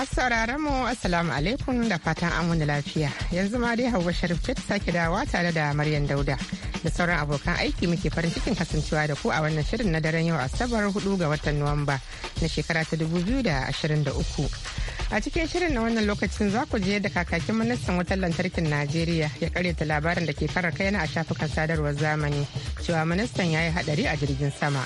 Masu mu Assalamu alaikum da fatan an wani lafiya. Yanzu ma dai Hauwa Sharif ce ta sake dawa tare da Maryam Dauda da sauran abokan aiki muke farin cikin kasancewa da ku a wannan shirin na daren yau Asabar 4 ga watan Nuwamba na shekara ta 2023. A cikin shirin na wannan lokacin za ku je da kakakin ministan wutar lantarkin Najeriya ya karyata labarin da ke fara kaina a shafukan sadarwar zamani cewa ministan ya yi hadari a jirgin sama.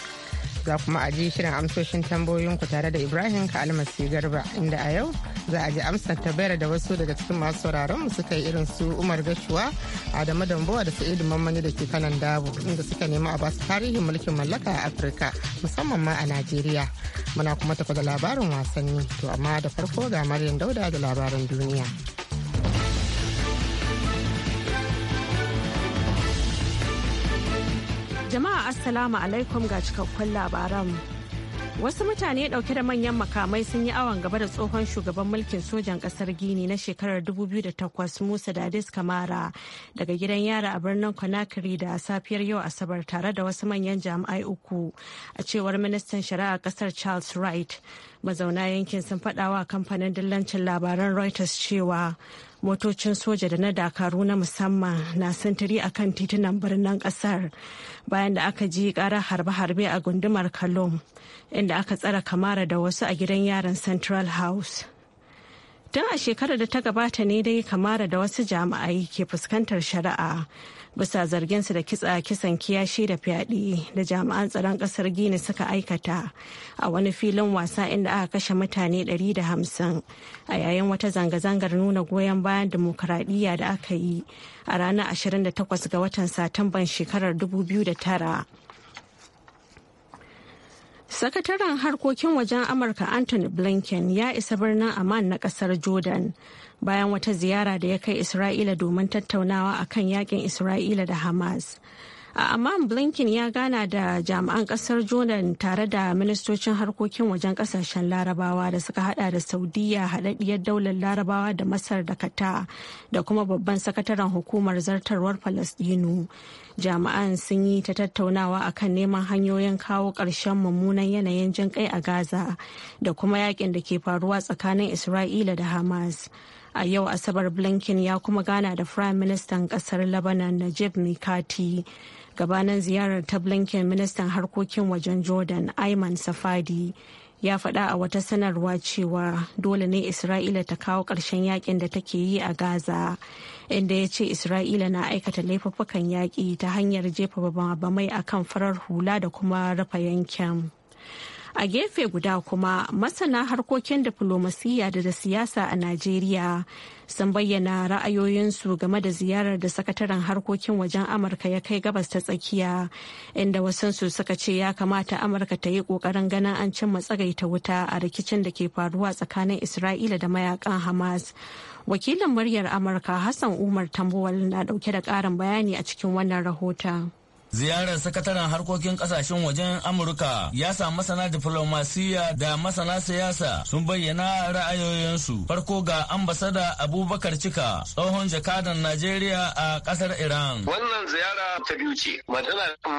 za kuma a ji shirin amsoshin tambayoyinku tare da ibrahim kalmasi garba inda a yau za a ji amsar tabayar da wasu daga cikin masu sauraron mu suka yi irin su umar gashuwa adamu dambowa da sa'idu mammani da ke kanan dabo inda suka nema a basu tarihin mulkin mallaka a afirka musamman ma a najeriya muna kuma tafa da labarin wasanni to amma da farko ga maryam dauda da labarin duniya. Jama'a Assalamu alaikum ga cikakkun labaran. Wasu mutane dauke da manyan makamai sun yi awon gaba da tsohon shugaban mulkin sojan kasar Gini na shekarar 2008 Musa Dadis Kamara daga gidan yara a birnin Conakry da safiyar yau Asabar tare da wasu manyan jami'ai uku a cewar ministan shari'a kasar Charles Wright. Mazauna yankin sun faɗawa kamfanin dillancin labaran Reuters cewa motocin soja da na dakaru na musamman na sintiri a kan titunan birnin kasar bayan da aka ji karar harbe-harbe a gundumar kalom inda aka tsara kamara da wasu a gidan yaran central house tun a shekarar da ta gabata ne dai kamara da wasu jami'ai ke fuskantar shari'a bisa zarginsu da kitsa kisan kiyashi da fyaɗe da jami'an tsaron ƙasar gini suka aikata a wani filin wasa inda aka kashe mutane 150 a yayin wata zanga-zangar nuna goyon bayan dimokuraɗiyya da aka yi a ranar 28 ga watan satumban shekarar 2009 Sakataren harkokin wajen Amurka Anthony Blinken ya isa birnin Amman na kasar Jordan bayan wata ziyara da ya kai Isra'ila domin tattaunawa a kan yakin Isra'ila da Hamas. A Amman Blinken ya gana da jami'an kasar Jordan tare da ministocin harkokin wajen kasashen larabawa da suka hada da Saudiya haɗaɗɗiyar daular larabawa da Masar da Kata da kuma babban sakataren hukumar zartarwar Falasɗinu jami'an sun yi ta tattaunawa akan neman hanyoyin kawo ƙarshen mummunan yanayin jin kai a gaza da kuma yakin da ke faruwa tsakanin isra'ila da hamas a yau asabar blinken ya kuma gana da prime ministan kasar lebanon najib mikati gabanin ziyarar ta blinken ministan harkokin wajen jordan ayman safadi ya faɗa a wata sanarwa cewa dole ne isra'ila ta kawo ƙarshen yakin da take yi a gaza inda ya ce isra'ila na aikata laifuffukan yaƙi ta hanyar jefa babamai akan farar hula da kuma rufe yankin A gefe guda kuma masana harkokin diflomasiyya da da siyasa a Najeriya sun bayyana ra'ayoyinsu game da ziyarar da sakataren harkokin wajen Amurka ya kai gabas ta tsakiya inda wasansu suka ce ya kamata Amurka ta yi kokarin ganin an cimma tsagaita wuta a rikicin da ke faruwa tsakanin Isra'ila da mayakan Hamas. Wakilin muryar Amurka Hassan Umar Tambowal na dauke da karin bayani a cikin wannan rahoton. Ziyarar sakataren harkokin kasashen wajen Amurka ya sa masana diplomasiya da masana siyasa sun bayyana ra'ayoyinsu. Farko ga ambasada Abubakar Cika tsohon jakadan Najeriya a kasar Iran. Wannan ziyara ta biyu ce, matsala da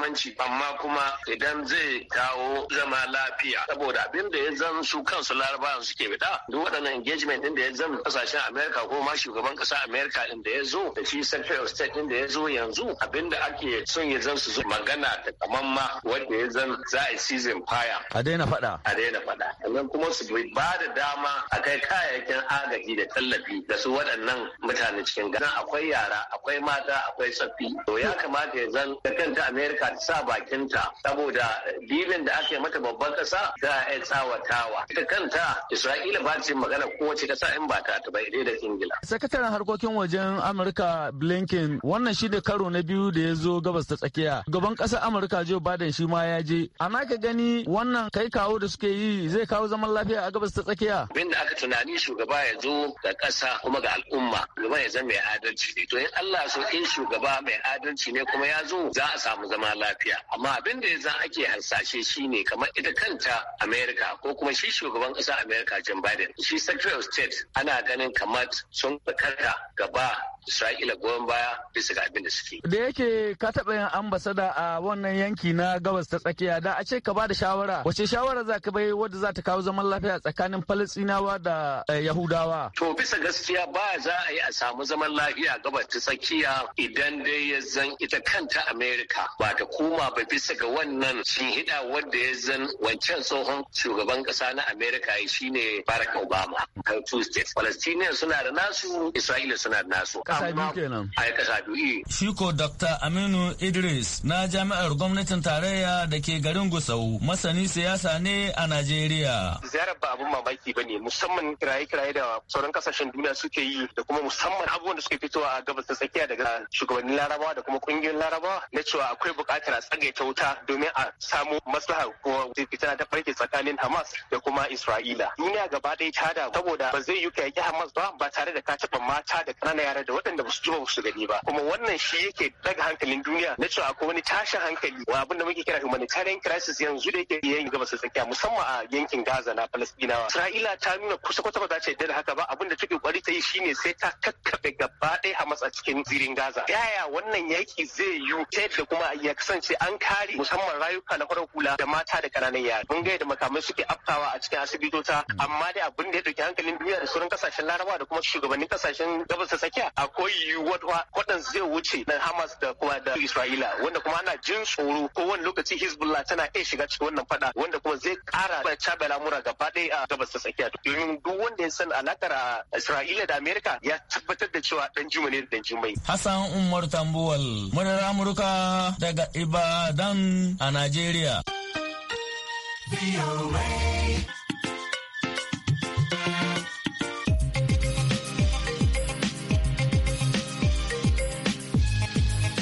amma kuma idan zai kawo zama lafiya saboda abin da ya zan su kansu larabawan suke fita, duk waɗannan engagement ɗin da ya zan kasashen Amerika ko ma shugaban ƙasa Amerika ɗin da ya zo da shi Secretary of State din da ya zo yanzu abin da ake son ya zan su zo magana ta kaman ma wanda ya zan za a season fire a daina faɗa a daina faɗa sannan kuma su ba da dama a kai kayayyakin agaji da tallafi da su waɗannan mutane cikin gana akwai yara akwai mata akwai tsaffi to ya kamata ya zan da kanta america ta sa bakinta saboda dilin da ake mata babban ƙasa a iya tsawatawa ita kanta isra'ila ba ta magana kowace ƙasa in ba ta ta ba da ingila sakataren harkokin wajen amurka blinken wannan shi da karo na biyu da ya zo gabas ta tsakiya Najeriya. Gaban ƙasar Amurka Joe Biden shi ma ya je. Ana ka gani wannan kai kawo da suke yi zai kawo zaman lafiya a gabas ta tsakiya. Bin da aka tunani shugaba ya zo ga ƙasa kuma ga al'umma. Gaba ya zama mai adalci ne. To in Allah so in shugaba mai adalci ne kuma ya zo za a samu zama lafiya. Amma abin da ya za ake harsashe shine kamar ita kanta Amerika ko kuma shi shugaban ƙasar Amerika Joe Biden. Shi Secretary of State ana ganin kamar sun karkata gaba Isra'ila goyon baya bisa ga abin da suke. Da yake ka taɓa yin ambasada a wannan yanki na gabas ta tsakiya da a ce ka ba da shawara wace shawara za ka bai wadda za ta kawo zaman lafiya tsakanin Falastinawa da eh, Yahudawa. To bisa gaskiya ba za a yi a samu zaman lafiya gabas ta tsakiya idan dai ya zan ita kanta Amerika ba ta koma ba bisa ga wannan hida wadda ya zan wancan tsohon shugaban ƙasa na Amerika shine Barack Obama. Two states. Palestinians suna da nasu, Isra'ila suna da nasu. kasa kenan. A kasa biyu. Shi Dr. Aminu Idris na jami'ar gwamnatin tarayya da ke garin Gusau masani siyasa ne a Najeriya. Ziyarar ba abin mamaki ba ne musamman kiraye-kiraye da sauran kasashen duniya suke yi da kuma musamman abubuwan da suke fitowa a gabas ta tsakiya daga shugabannin larabawa da kuma kungiyoyin larabawa na cewa akwai buƙatar a tsagaita wuta domin a samu maslaha ko fitina ta farke tsakanin Hamas da kuma Isra'ila. Duniya gaba ɗaya ta da saboda ba zai yi ka yaƙi Hamas ba ba tare da ka taɓa mata da ƙananan yara da waɗanda ba su ji su gani ba kuma wannan shi yake daga hankalin duniya na cewa akwai wani tashin hankali wa abin da muke kira humanitarian crisis yanzu da yake yayin gabas su tsakiya musamman a yankin Gaza na Palestina Isra'ila ta nuna kusa kwata ba za ta yarda haka ba abin da take kokari ta yi shine sai ta kakkabe gaba ɗaya Hamas a cikin zirin Gaza yaya wannan yaki zai yiwu ta yadda kuma ya kasance an kare musamman rayuka na farar hula da mata da kananan yara mun ga yadda makamai suke afkawa a cikin asibitota amma dai abin da ya ɗauki hankalin duniya da sauran kasashen Larabawa da kuma shugabannin kasashen gabas ta tsakiya akwai yiwuwar kwaɗan zai wuce na Hamas da kuma da Isra'ila wanda kuma ana jin tsoro ko wani lokaci Hezbollah tana iya shiga cikin wannan faɗa wanda kuma zai ƙara caɓe lamura gaba ɗaya a gabas ta tsakiya domin duk wanda ya san alakar Isra'ila da Amerika ya tabbatar da cewa dan juma ne da dan jumai. Hassan Umar Tambuwal, murar Amurka daga Ibadan a Najeriya.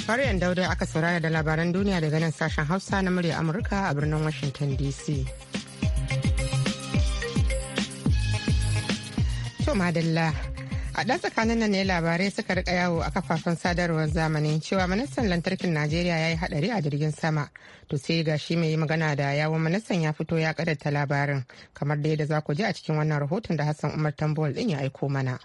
Maryam Dauda aka saurara da labaran duniya daga nan sashen Hausa na murya Amurka a birnin Washington DC. To madalla a ɗan tsakanin nan ne labarai suka rika yawo a kafafen sadarwar zamani cewa ministan lantarkin najeriya ya yi hadari a jirgin sama to sai ga shi mai magana da yawon ministan ya fito ya karanta labarin kamar da yadda za ku ji a cikin wannan rahoton da hassan umar tambol din ya aiko mana.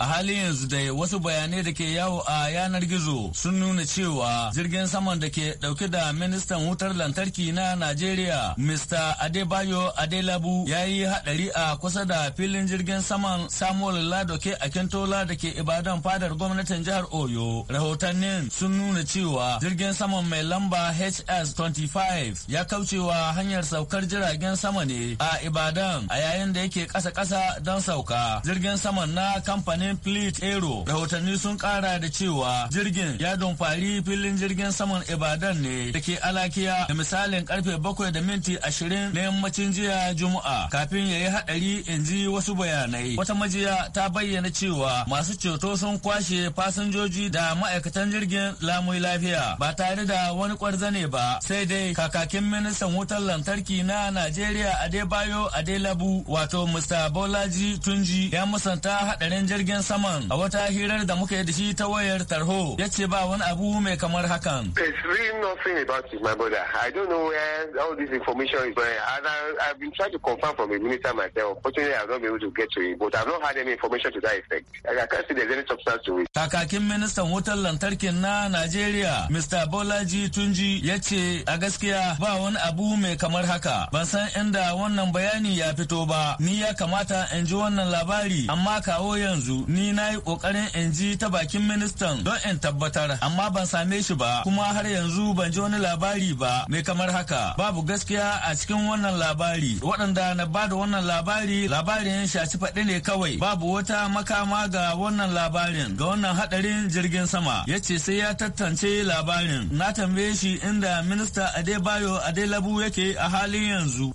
A halin yanzu dai wasu bayanai da ke yawo a yanar gizo sun nuna cewa jirgin saman da ke dauke da ministan wutar lantarki na Najeriya, Mr. Adebayo Adelabu ya yi hadari a kusa da filin jirgin saman Samuel Ladoke a kintola da ke Ibadan fadar gwamnatin jihar Oyo. Rahotannin sun nuna cewa jirgin saman mai lamba HS-25 ya kaucewa hanyar saukar jiragen sama ne a Ibadan a yayin da yake kasa-kasa don sauka. Jirgin saman na kamfanin mutanen Fleet Aero. Rahotanni sun kara da cewa jirgin ya dumfari filin jirgin saman Ibadan ne da ke Alakiya da misalin karfe bakwai da minti ashirin na yammacin jiya Juma'a kafin ya yi haɗari in ji wasu bayanai. Wata majiya ta bayyana cewa masu ceto sun kwashe fasinjoji da ma'aikatan jirgin lamun lafiya ba tare da wani kwarzane ba sai dai kakakin ministan wutar lantarki na Najeriya Adebayo Adelabu wato Mr. Bolaji Tunji ya musanta haɗarin jirgin jirgin saman a wata hirar da muka yi da shi ta wayar tarho ya ce ba wani abu mai kamar hakan. There's really nothing about it, my brother. I don't know where all this information is going. And I, I've been trying to confirm from the minister myself. Fortunately, I've not been able to get to him but I've not had any information to that effect. I can't see there's any substance to it. Kakakin ministan wutar lantarkin na Najeriya, Mr. Bolaji Tunji ya ce a gaskiya ba wani abu mai kamar haka. Ban san inda wannan bayani ya fito ba. Ni ya kamata in ji wannan labari, amma kawo yanzu ni na yi kokarin in ji ta bakin ministan don in tabbatar amma ban same shi ba kuma har yanzu ban ji wani labari ba mai kamar haka babu gaskiya a cikin wannan labari waɗanda na ba da wannan labari labarin shaci faɗi ne kawai babu wata makama ga wannan labarin ga wannan haɗarin jirgin sama ya ce sai ya tantance labarin na tambaye shi inda minista adebayo adelabu yake a halin yanzu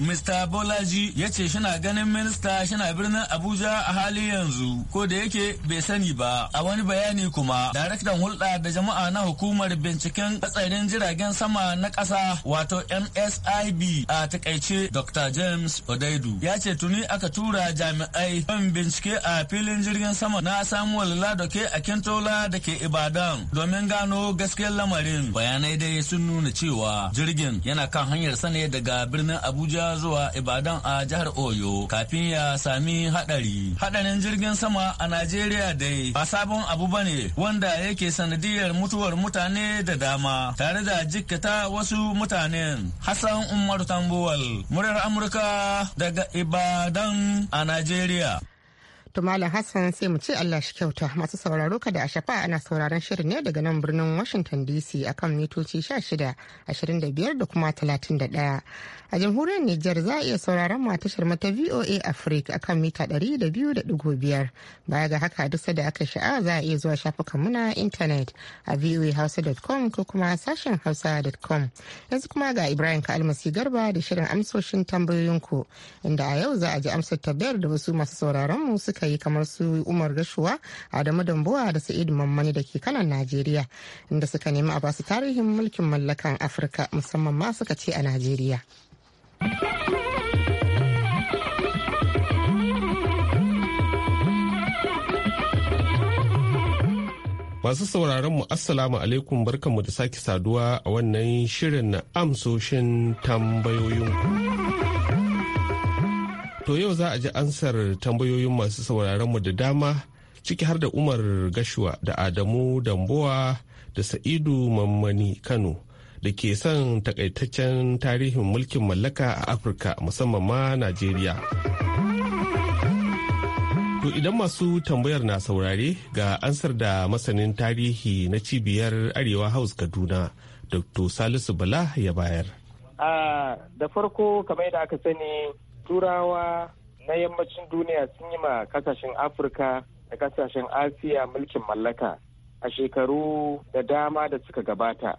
Mr. Bolaji ya ce shina ganin minista shina a birnin Abuja a hali yanzu ko da yake bai sani ba a wani bayani kuma daraktan hulɗa da jama'a na hukumar binciken hatsarin jiragen sama na ƙasa wato msib. a takaice Dr. James Odaidu ya ce tuni aka tura jami'ai don bincike a filin jirgin sama na Samuel Ladoke a Kintola da ke Ibadan domin gano gaskiyar lamarin bayanai dai sun nuna cewa jirgin yana kan hanyar sane daga birnin Abuja zuwa Ibadan a jihar Oyo kafin ya sami sami haɗari haɗarin jirgin sama a Najeriya dai ba sabon abu bane wanda yake sanadiyar mutuwar mutane da dama tare da jikkata wasu mutanen. Hassan Umar Tambuwal, muryar Amurka daga Ibadan a Najeriya. To Malam Hassan sai mu ce Allah shi kyauta masu sauraro kada a shafa ana sauraron shirin ne daga nan birnin Washington DC akan mitoci 16, 25 da kuma 31. A jamhuriyar Nijar za a iya sauraron matashar mata VOA Africa akan mita 200.5. Baya ga haka duk da aka sha'a za a iya zuwa shafukan muna intanet a voahausa.com ko kuma sashen hausa.com. Yanzu kuma ga Ibrahim ka almasi garba da shirin amsoshin tambayoyinku inda a yau za a ji amsar tabbayar da wasu masu sauraron mu suka yi kamar su umar gashuwa adamu dambuwa da sa'id mammani da ke kanan najeriya inda suka nemi a basu tarihin mulkin mallakan afirka musamman ma suka ce a najeriya Masu sauraron mu Assalamu alaikum barkanmu da sake saduwa a wannan shirin na amsoshin tambayoyinku. To yau za a ji ansar tambayoyin masu mu da dama ciki har da Umar Gashuwa da Adamu Damboa da Sa'idu Mammani Kano da ke son takaitaccen tarihin mulkin mallaka a Afirka musamman ma Najeriya. To idan masu tambayar na saurare ga ansar da masanin tarihi na cibiyar Arewa House Kaduna, Dr. Salisu Bala ya bayar. Ah, da farko kamar yadda aka sani turawa na yammacin duniya sun yi ma kasashen afirka da kasashen asiya mulkin mallaka a shekaru da dama da suka gabata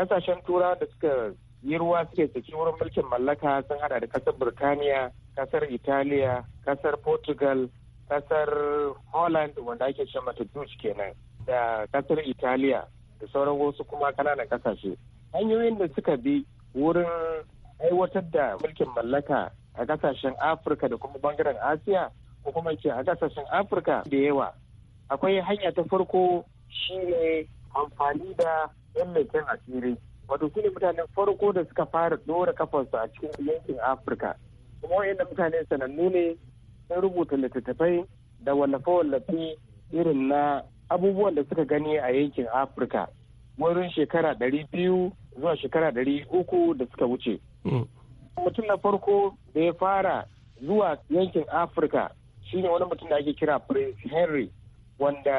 kasashen turawa da suka yi ruwa suke tsaki wurin mulkin mallaka sun hada da kasar burtaniya kasar italiya kasar portugal kasar holland wanda ake ce mata dutch kenan da kasar italiya da sauran wasu kuma kananan kasashe hanyoyin da suka bi wurin aiwatar da mulkin mallaka a kasashen afirka da kuma bangaren asiya ko kuma ce a kasashen afirka da yawa akwai hanya ta farko shine amfani da yan asiri wato su ne mutanen farko da suka fara dora kafarsu a cikin yankin afirka kuma wayannan mutane sanannu ne sun rubuta littattafai da wallafe-wallafe irin na abubuwan da suka gani a yankin afirka wurin shekara ɗari zuwa shekara ɗari uku da suka wuce mm. mutum na farko da ya fara zuwa yankin afirka shine wani mutum da ake kira prince henry wanda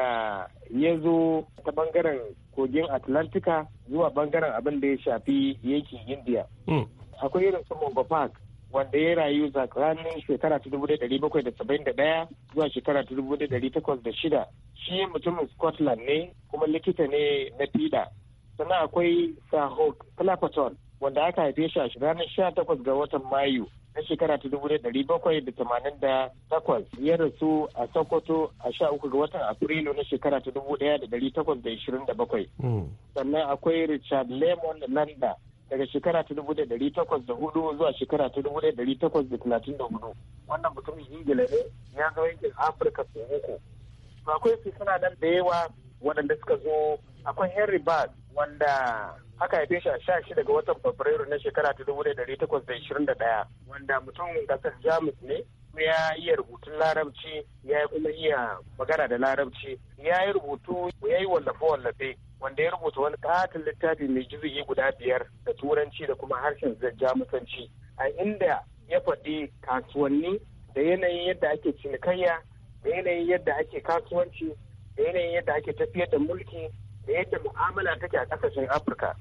ya zo ta bangaren kogin atlantika zuwa bangaren abin da ya shafi yankin india hmm. akwai irin su Mongo Park wanda ya rayu tsakanin shekara ta dubu ɗari bakwai da saba'in da ɗaya zuwa shekara ta dubu ɗari takwas da shida shi mutumin Scotland ne kuma likita ne na fida sannan akwai Sahog Clapperton wanda aka haife shi a ranar sha takwas ga watan mayu na shekara ta dubu ɗari bakwai da tamanin da takwas ya rasu a sokoto a sha uku ga watan afrilu na shekara ta dubu ɗaya da ɗari takwas da ishirin da bakwai hmm. sannan akwai richard lemon landa daga shekara ta dubu da dari takwas da hudu zuwa shekara ta dubu da dari takwas da talatin da hudu wannan mutumin ingila ne ya zo yankin afirka sau uku akwai su suna nan da yawa waɗanda suka zo akwai henry bad wanda aka haife shi a sha shi daga watan fabrairu na shekara ta dubu da dari takwas da ishirin da ɗaya wanda mutum gasar jamus ne ya iya rubutun larabci ya kuma iya magana da larabci ya yi rubutu ya yi wallafe-wallafe wanda ya rubuta wani katin littafi mai juzuyi guda biyar da turanci da kuma harshen jamusanci a inda ya faɗi kasuwanni da yanayin yadda ake cinikayya da yanayin yadda ake kasuwanci da yanayin yadda ake tafiyar da mulki da yadda mu'amala take a ƙasashen afirka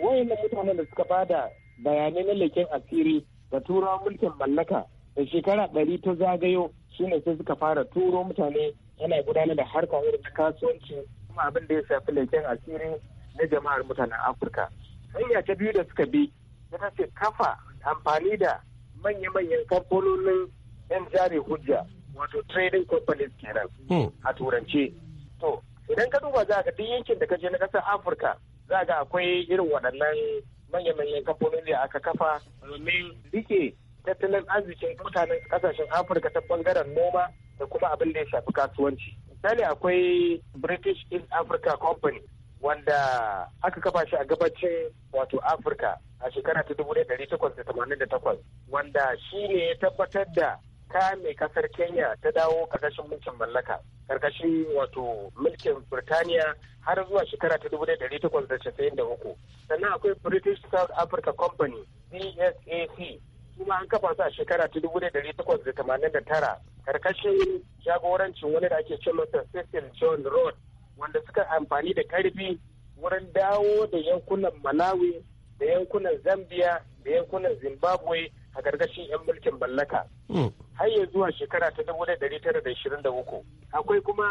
wayannan mutanen da suka bada bayanai na leken asiri ga turawa mulkin mallaka da shekara ɗari ta zagayo shine sai suka fara turo mutane yana gudanar da harkar irin na kasuwanci kuma abin da ya shafi leken asiri na jama'ar mutanen afirka hanya ta biyu da suka bi ta ce kafa amfani da manya-manyan kamfanonin yan jari hujja wato trading companies kenan hmm. a turance to idan ka duba za ka duk yankin da ka je na ƙasar afirka za ga akwai irin waɗannan manya-manyan kamfanoni da aka kafa domin rike tattalin arzikin mutanen kasashen afirka ta bangaren noma da kuma abin da ya shafi kasuwanci misali akwai british east africa company wanda aka kafa shi a gabacin wato afirka a shekara ta 1888 wanda shi ne ya tabbatar da mai kasar kenya ta dawo karkashin mulkin mallaka karkashin wato mulkin birtaniya har zuwa shekara ta dubu ɗari da uku sannan akwai british south africa company bsac kuma an kafa su a shekara ta dubu ɗari da tamanin da tara karkashin jagorancin wani da ake ce masa cecil john road wanda suka amfani da karfi wurin dawo da yankunan malawi da yankunan zambia da yankunan zimbabwe a gargashin 'yan mulkin mallaka hmm. har yanzu a shekara ta uku. akwai kuma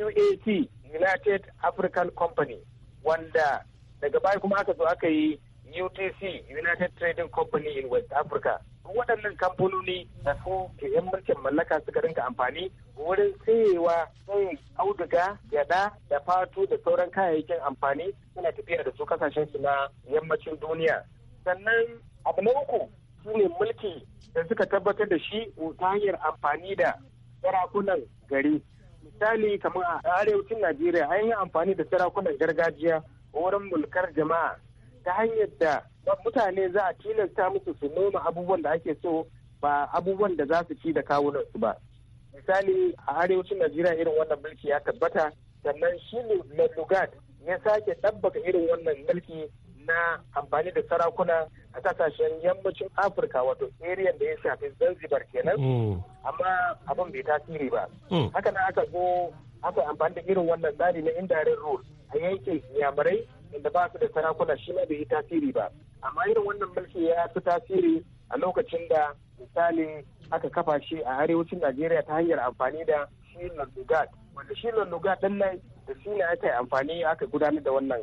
uat united african company wanda daga baya kuma aka zo aka yi utc united trading company in west africa waɗannan kamfanoni da su ke 'yan mulkin mallaka suka rinka amfani wurin sayewa sai auduga gyada da fatu da sauran kayayyakin amfani suna tafiya da su kasashen su na yammacin duniya sannan abu na uku su ne mulki da suka tabbatar da shi ta hanyar amfani da sarakunan gari misali kamar a arewacin najeriya an yi amfani da sarakunan gargajiya wurin mulkar jama'a ta hanyar da mutane za a tilasta musu su noma abubuwan da ake so ba abubuwan da za su ci da kawunansu ba misali a arewacin najeriya irin wannan mulki ya tabbata sannan shi ne ya sake ɗabbaka irin wannan mulki na amfani da sarakuna a kasashen yammacin afirka wato area da ya shafi zanzibar kenan mm. amma abin bai tasiri ba mm. haka na aka zo aka amfani da irin wannan tsari na indirect rule a yankin yamurai inda ba su da sarakuna shi ma bai yi tasiri ba amma irin wannan mulki ya fi tasiri a lokacin da misali aka kafa shi a arewacin najeriya ta hanyar amfani da shi lalugat wanda shi lalugat din nan da shi ne aka yi amfani aka gudanar da wannan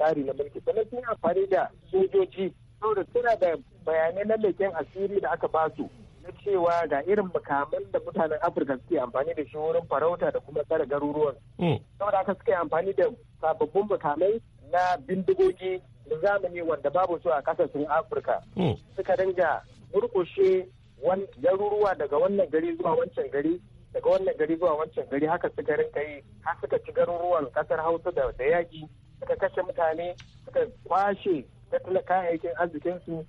tsari na mulki sannan sun amfani da sojoji saboda suna da bayanai na leken asiri da aka basu na cewa ga irin makaman da mutanen afirka suke amfani da shi wurin farauta da kuma tsara garuruwan hmm. saboda haka suke amfani da sababbin makamai na bindigogi na zamani wanda babu su a kasashen afirka hmm. suka dinga murkushe garuruwa daga wannan gari zuwa wancan gari daga wannan gari zuwa wancan gari haka suka rinka yi har suka ci garuruwan kasar hausa da yaƙi suka kashe mutane suka kwashe tattala kayayyakin arzikinsu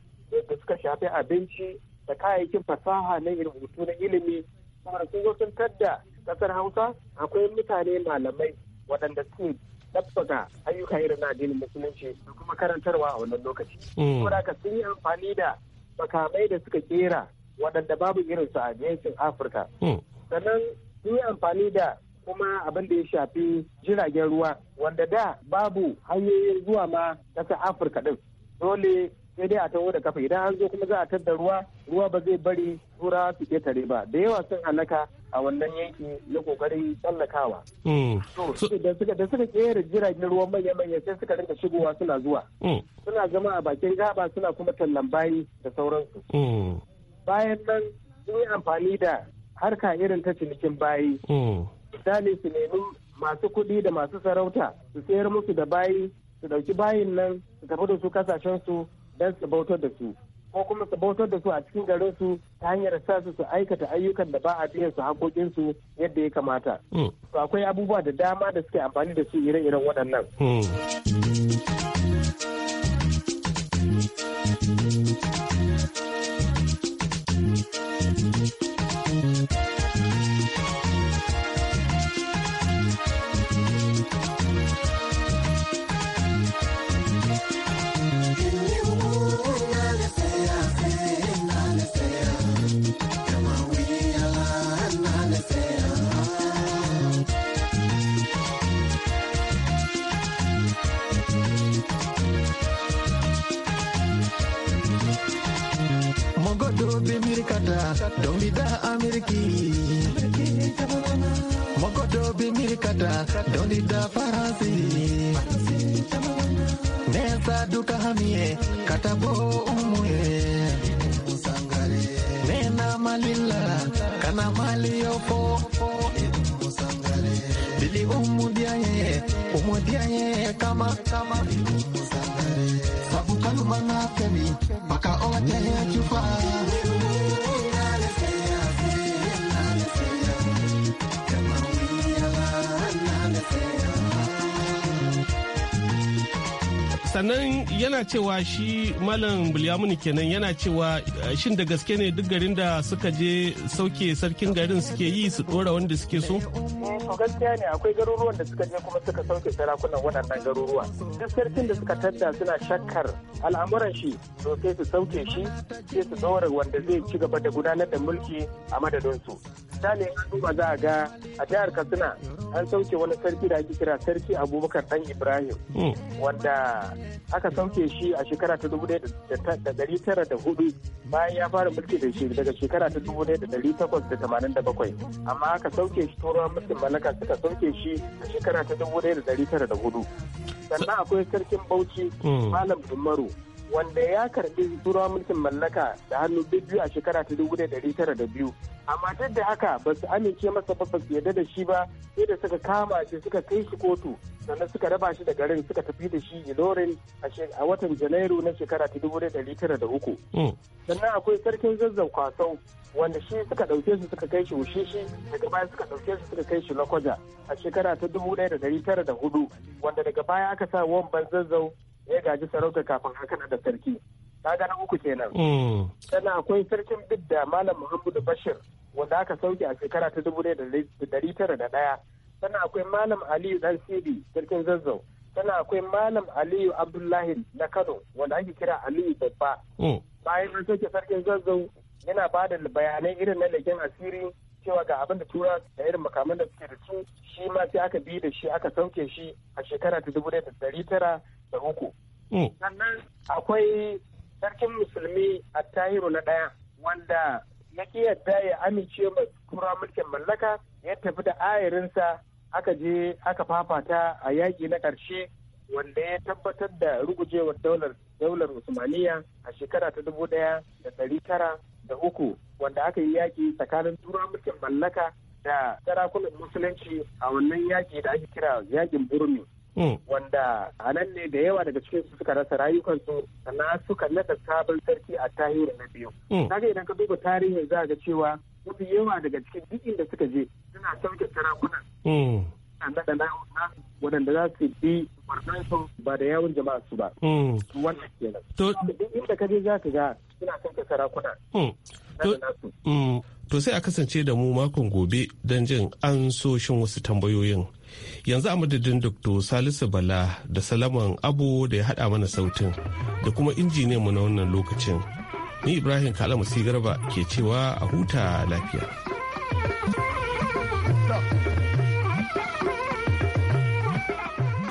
da suka shafi abinci da kayayyakin fasaha na rubutu na ilimi saboda sun sun tadda kasar hausa akwai mutane malamai waɗanda suke ɗabbaka ayyuka irin na addinin musulunci da kuma karantarwa a wannan lokaci. Mm. Saboda ka sun yi amfani da makamai da suka kera waɗanda babu irinsu a yankin Afirka. Mm. Sannan sun yi amfani da kuma abin da ya shafi jiragen ruwa wanda da babu hanyoyin zuwa ma ƙasar Afirka ɗin. dole sai dai a taho da kafa idan an zo kuma za a tadda ruwa ruwa ba zai bari tura su ketare ba da yawa sun halaka a wannan yanki na kokarin tsallakawa. Mm. Da suka kera jiragen ruwan manya-manya sai suka rinka shigowa suna zuwa. Mm. Suna zama a bakin gaba suna kuma tallan bayi da sauransu. Mm. Bayan nan sun yi amfani da harka irin ta cinikin bayi. Misali su nemi masu kuɗi da masu sarauta su sayar musu da bayi su dauki bayin nan su tafi da su kasashen su don su bautar da su ko kuma su bautar da su a cikin garin su ta hanyar sa su su aikata ayyukan da ba a biyan su hakokin su yadda ya kamata. Hmm. To akwai abubuwa da dama da suke amfani da su ire-iren waɗannan. Hmm. biaye kama kama sabu kalumana kemi paka ote chufa sannan yana cewa shi malam bulyamuni kenan yana cewa eh, shin da gaske ne duk garin da suka je sauke sarkin garin suke yi su dora wanda suke so eh, gaskiya ne akwai garuruwan da suka je kuma suka sauke sarakunan waɗannan garuruwa duk sarkin da suka tadda suna shakkar al'amuran shi to sai su sauke shi sai su dora wanda zai ci gaba da gudanar da mulki a madadin su misali an duba za a ga a jihar katsina an sauke wani sarki da ake kira sarki abubakar dan ibrahim hmm. wanda aka sauke shi a shekara ta dubu da dari tara da hudu bayan ya fara mulki da shi daga shekara ta dubu da dari takwas da tamanin da bakwai amma aka sauke shi turawa mulkin mallaka suka sauke shi a shekara ta dubu da dari tara da hudu sannan akwai sarkin bauchi hmm. malam dumaru wanda ya karbi turawa mulkin mallaka da hannu biyu a shekara ta dubu da dari tara da biyu amma duk da haka ba su amince masa ba su yarda da shi ba sai da suka kama shi suka kai shi kotu sannan suka raba shi da garin suka tafi da shi ilorin a watan janairu na shekara ta dubu da dari tara da uku hmm. sannan akwai sarkin zazzau kwasau wanda shi suka dauke su suka kai shi ushishi daga baya suka dauke su suka kai shi lakwaja a shekara ta dubu da dari tara da hudu wanda daga baya aka sa wamban zazzau ya gaji sarauta kafin haka da sarki kaga na uku kenan hmm. sannan akwai sarkin bidda malam muhammadu bashir wanda aka sauke a shekara ta dubu da dari tara da ɗaya sannan akwai malam aliyu dan sidi sarkin zazzau sannan akwai malam aliyu abdullahi na kano wanda ake kira aliyu babba hmm. bayan an soke sarkin zazzau yana ba da bayanai irin na leken asiri cewa ga abin da tura da irin makaman da suke da su shi ma sai aka bi da shi aka sauke shi a shekara ta dubu da dari tara da uku oh. sannan akwai sarkin musulmi a tahiru na ɗaya wanda ya yadda ya amince ma tura mulkin mallaka ya tafi da ayarinsa aka je aka fafata a yaƙi na ƙarshe wanda ya tabbatar da rugujewar daular daular usmaniya a shekara ta dubu ɗaya da ɗari tara da uku wanda aka yi yaƙi tsakanin tura mulkin mallaka da sarakunan musulunci a wannan yaƙi da ake kira yaƙin burmi Mm. wanda a nan ne da yawa daga cikin su suka rasa rayukansu sannan suka nada sabon sarki a tahiru na biyu mm. kaga idan ka duba tarihin za ga cewa mafi yawa daga cikin duk inda suka je suna sauke sarakunan mm. da na waɗanda za su bi su ba da yawon jama'a su ba. Wannan kenan. To, duk inda ka je za ka ga suna sauke sarakuna. To, to sai a kasance da mu makon gobe don jin an shin wasu tambayoyin yanzu a madadin dr salisu bala da salaman abu da ya haɗa mana sautin da kuma injiniyan mu na wannan lokacin ni ibrahim kalamu garba ke cewa a huta lafiya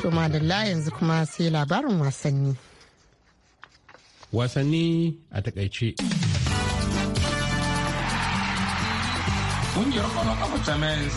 to madalla yanzu kuma sai labarin wasanni wasanni a takaice Kungiyar kwallon kafa ta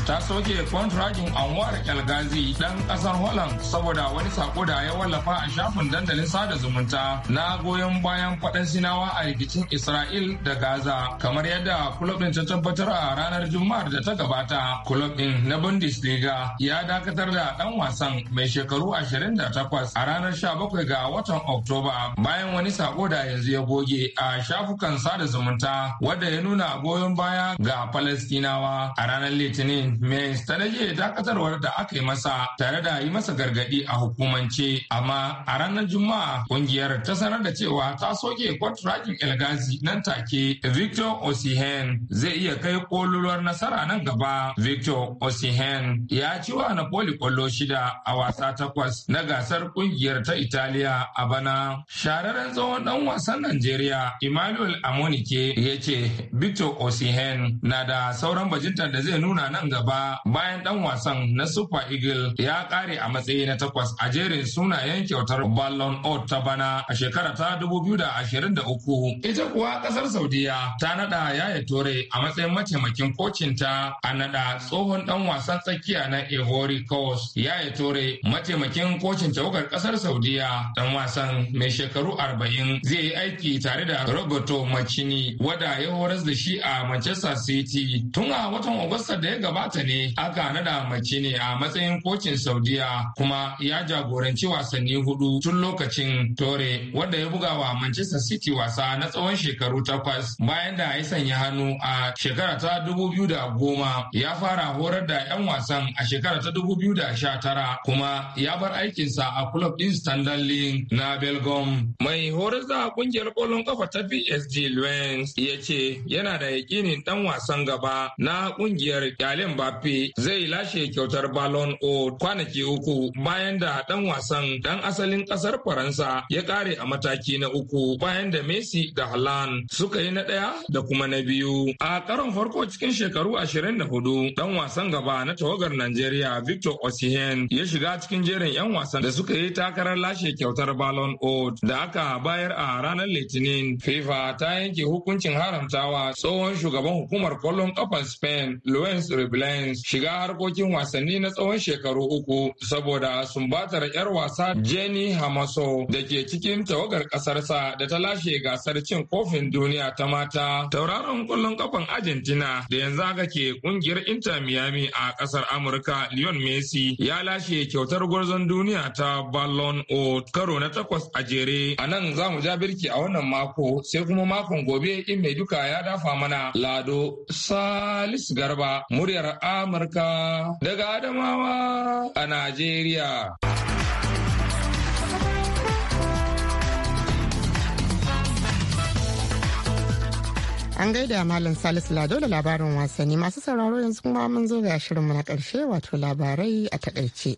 ta soke kwantragin Anwar elgazi dan kasar Holland saboda wani sako da ya wallafa a shafin dandalin sada zumunta na goyon bayan faɗan sinawa a rikicin Isra'il da Gaza kamar yadda kulob din ta tabbatar a ranar Juma'ar da ta gabata. Kulob din na Bundesliga ya dakatar da dan wasan mai shekaru 28 a ranar 17 ga watan Oktoba bayan wani sako da yanzu ya goge a shafukan sada zumunta wadda ya nuna goyon baya ga Palestina Falasɗinawa a ranar Litinin mai ta rage dakatarwar da aka yi masa tare da yi masa gargadi a hukumance amma a ranar Juma'a kungiyar ta sanar da cewa ta soke kwantiragin El Ghazi nan take Victor Osihen zai iya kai kololuwar nasara nan gaba. Victor Osihen ya ci wa Napoli kwallo shida a wasa takwas na gasar kungiyar ta Italiya a bana. Shararren zaman dan wasan Najeriya Emmanuel Amonike ya ce Victor Osihen na da sauran sauran bajintar da zai nuna nan gaba bayan dan wasan na Super Eagle ya kare a matsayi na takwas a jerin sunayen kyautar Ballon d'Or ta bana a shekara ta 2023. Ita kuwa kasar Saudiya ta nada Yaya Tore a matsayin mataimakin kocin ta a nada tsohon dan wasan tsakiya na Ivory Coast. Yaya Tore mataimakin kocin tawagar kasar Saudiya dan wasan mai shekaru arba'in zai yi aiki tare da Roberto macini wada ya horas da shi a Manchester City tun tun watan Agusta da ya gabata ne aka nada ne a matsayin kocin Saudiya kuma ya jagoranci wasanni hudu tun lokacin Tore wanda ya buga wa Manchester City wasa na tsawon shekaru takwas bayan da ya sanya hannu a shekara ta dubu biyu da goma ya fara horar da 'yan wasan a shekara ta dubu biyu da sha tara kuma ya bar aikinsa a club ɗin Standard League na Belgium. Mai horar da kungiyar kwallon kafa ta PSG Lens ya ce yana da yakinin ɗan wasan gaba na kungiyar Kyalen Bape zai lashe kyautar Ballon d'Or kwanaki uku bayan da dan wasan dan asalin kasar Faransa ya kare a mataki na uku bayan da Messi da Haaland suka yi na ɗaya da kuma na biyu. A karon farko cikin shekaru 24 dan wasan gaba na tawagar Najeriya Victor osihen ya shiga cikin jerin 'yan wasan da suka yi takarar lashe kyautar Ballon d'Or da aka bayar a ranar Litinin. FIFA ta yanke hukuncin haramtawa tsohon shugaban hukumar kwallon kafan Spain Luis Reblens shiga harkokin wasanni na tsawon shekaru uku saboda sumbatar 'yar wasa Jenny Hamaso da ke cikin tawagar kasarsa da ta lashe gasar cin kofin duniya ta mata. Tauraron kullun kafan Argentina da yanzu haka ke kungiyar Inter Miami a ƙasar Amurka Lionel Messi ya lashe kyautar gwarzon duniya ta Ballon d'Or karo na takwas a jere. A nan za mu ja birki a wannan mako sai kuma makon gobe in mai duka ya dafa mana Lado Sa Salisu Garba, muryar Amurka daga Adamawa a Najeriya. An gaida Malam Salisu Lado da labarin wasanni masu sauraro yanzu kuma mun zo ga shirinmu na ƙarshe wato labarai a taƙaice.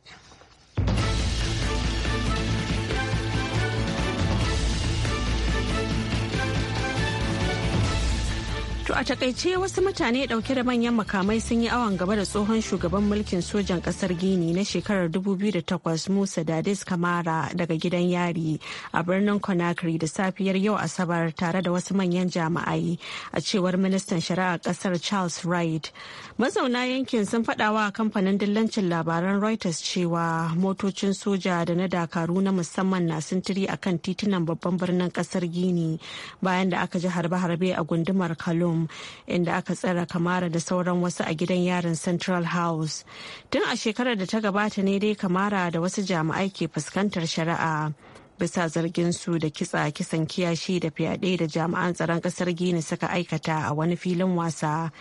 a takaice wasu mutane dauke da manyan makamai sun yi awon gaba da tsohon shugaban mulkin sojan kasar Gini na shekarar 2008 Musa Dadis Kamara daga gidan yari a birnin Conakry da safiyar yau Asabar tare da wasu manyan jama'ai a cewar ministan shari'a kasar Charles Wright. Mazauna yankin sun fadawa a kamfanin dillancin labaran Reuters cewa motocin soja da na dakaru na musamman na sintiri akan titunan babban birnin kasar Gini bayan da aka ji harbe-harbe a gundumar Kalum. inda aka tsara Kamara da sauran wasu a gidan yarin Central House. Tun a shekarar da ta gabata ne dai Kamara da wasu jami'ai ke fuskantar shari'a. bisa zargin su da kitsa kisan kiyashi da fyaɗe da jami'an tsaron ƙasar gini suka aikata a wani filin wasa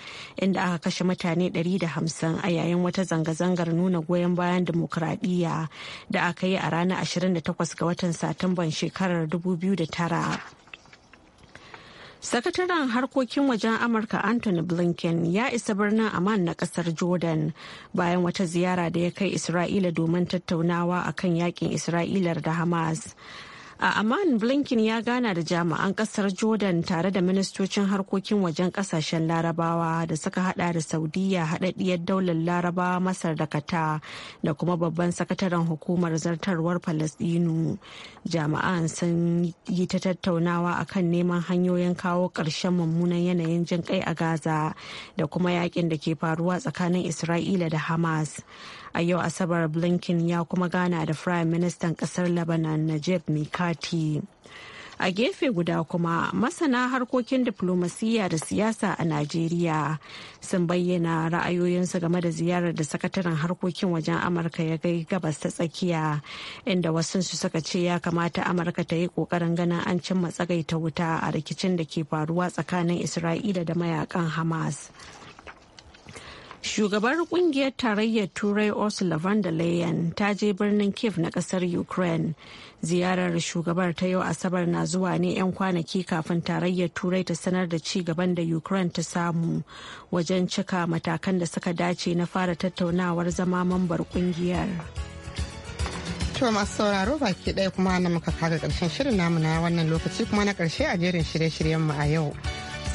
inda aka kashe mutane 150 a yayin wata zanga-zangar nuna goyon bayan demokuraɗiyya da aka yi a ranar 28 ga watan satumban shekarar 2009 Sakataren harkokin wajen Amurka Anthony Blinken ya isa birnin Amman na kasar Jordan bayan wata ziyara da ya kai Isra'ila domin tattaunawa akan yakin Isra'ilar da Hamas. a aman blinken ya gana da jami'an kasar jordan tare da ministocin harkokin wajen kasashen larabawa da suka hada da saudiya hadaddiyar daular larabawa masar da kata da kuma babban sakataren hukumar zartarwar palestinu jami'an sun yi ta tattaunawa akan neman hanyoyin kawo ƙarshen mummunan yanayin jin kai a gaza da kuma yakin da ke faruwa tsakanin isra'ila da hamas a yau asabar blinken ya kuma gana da firayim ministan kasar lebanon najib mika Party. A gefe guda kuma masana harkokin diflomasiyya da siyasa a Najeriya sun bayyana ra'ayoyinsu game da ziyarar da sakataren harkokin wajen Amurka ya kai gabas ta tsakiya inda wasu su suka ce ya kamata Amurka ta yi kokarin ganin an cimma tsagaita wuta a rikicin da ke faruwa tsakanin Isra'ila da mayakan Hamas. Shugabar kungiyar tarayyar Turai Ursula von Leyen ta je birnin Kiev na kasar Ukraine. Ziyarar shugabar ta yau Asabar na zuwa ne 'yan kwanaki kafin tarayyar Turai ta sanar da ci gaban da Ukraine ta samu wajen cika matakan da suka dace na fara tattaunawar zama mambar kungiyar. To masu sauraro baki ɗaya kuma na muka kaga ƙarshen shirin namu na wannan lokaci kuma na ƙarshe a jerin shirye-shiryen mu a yau.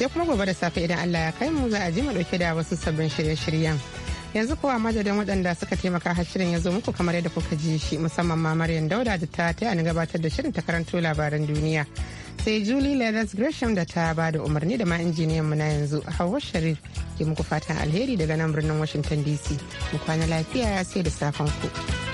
sai kuma gobe da safe idan Allah ya kai mu za a ji mu dauke da wasu sabbin shirye-shiryen. Yanzu kowa madadin waɗanda suka taimaka har shirin ya zo muku kamar yadda kuka ji shi musamman ma Maryam Dauda da ta taya ni gabatar da shirin ta karanto labaran duniya. Sai Julie Leathers Gresham da ta ba da umarni da ma injiniyan mu na yanzu Hawwa Sharif ke muku fatan alheri daga nan birnin Washington DC. Mu kwana lafiya sai da safen ku.